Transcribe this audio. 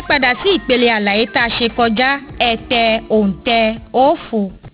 ẹ padà sí ìpele àlàyé tá a ṣe kọjá ẹ òǹtẹ̀ òfo